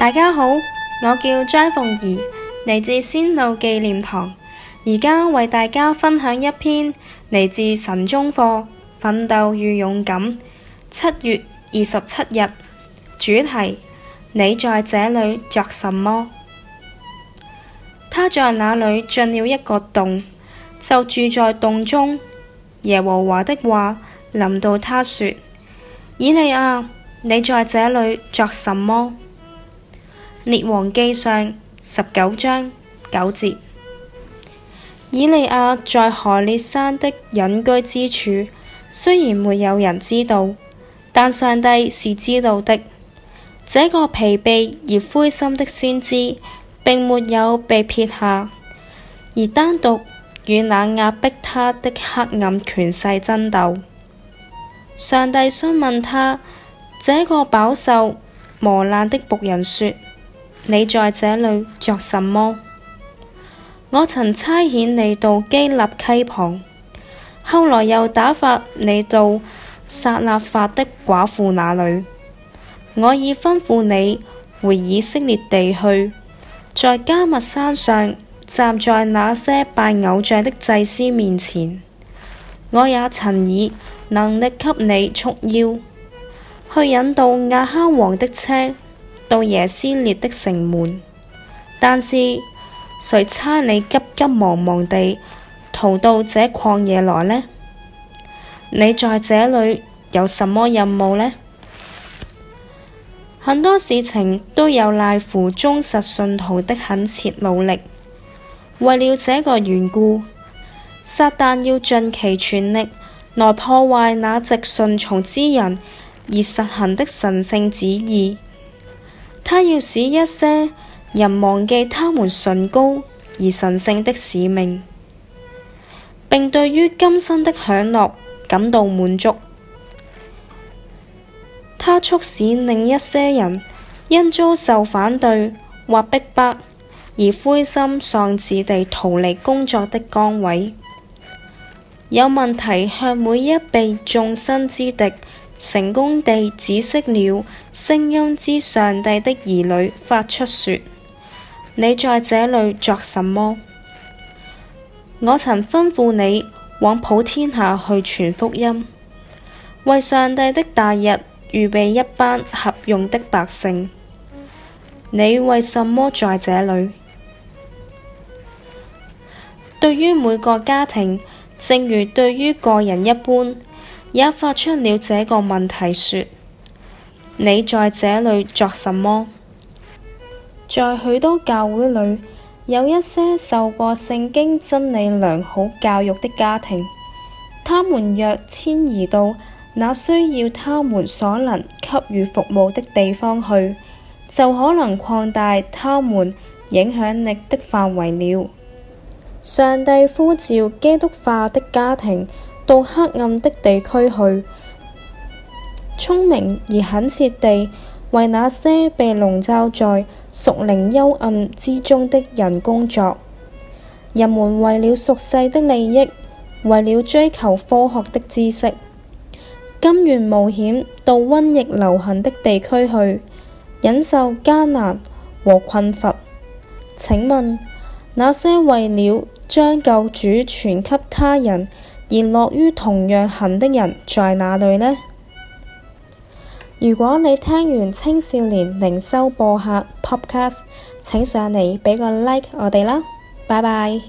大家好，我叫張鳳儀，嚟自仙路紀念堂，而家為大家分享一篇嚟自神宗課《奮鬥與勇敢》七月二十七日主題。你在這裏作什麼？他在那裏進了一個洞，就住在洞中。耶和華的話臨到他說：以利亞，你在這裏作什麼？《列王記上》十九章九節，以利亞在何烈山的隱居之處，雖然沒有人知道，但上帝是知道的。這個疲憊而灰心的先知，並沒有被撇下，而單獨與那壓迫他的黑暗權勢爭鬥。上帝詢問他，這個飽受磨難的僕人說。你在這裏作什麼？我曾差遣你到基立溪旁，後來又打發你到撒勒法的寡婦那裏。我已吩咐你回以色列地去，在迦密山上站在那些拜偶像的祭司面前。我也曾以能力給你束腰，去引導亞哈王的車。到耶斯列的城門，但是誰差你急急忙忙地逃到這曠野來呢？你在這裏有什麼任務呢？很多事情都有賴乎忠實信徒的懇切努力。為了這個緣故，撒旦要盡其全力來破壞那直順從之人而實行的神聖旨意。他要使一些人忘記他們崇高而神聖的使命，並對於今生的享樂感到滿足。他促使另一些人因遭受反對或逼迫而灰心喪志地逃離工作的崗位。有問題向每一被眾生之敵。成功地指識了聲音之上帝的兒女，發出説：你在這裏作什麼？我曾吩咐你往普天下去傳福音，為上帝的大日預備一班合用的百姓。你為什麼在這裏？對於每個家庭，正如對於個人一般。也發出了這個問題說，說你在這裡作什麼？在許多教會裏，有一些受過聖經真理良好教育的家庭，他們若遷移到那需要他們所能給予服務的地方去，就可能擴大他們影響力的範圍了。上帝呼召基督化的家庭。到黑暗的地區去，聰明而懇切地為那些被籠罩在屬靈幽暗之中的人工作。人們為了俗世的利益，為了追求科學的知識，甘願冒險到瘟疫流行的地區去，忍受艱難和困乏。請問那些為了將救主傳給他人，而樂於同樣行的人在哪裏呢？如果你聽完青少年靈修播客 Podcast，請上嚟畀個 like 我哋啦，拜拜。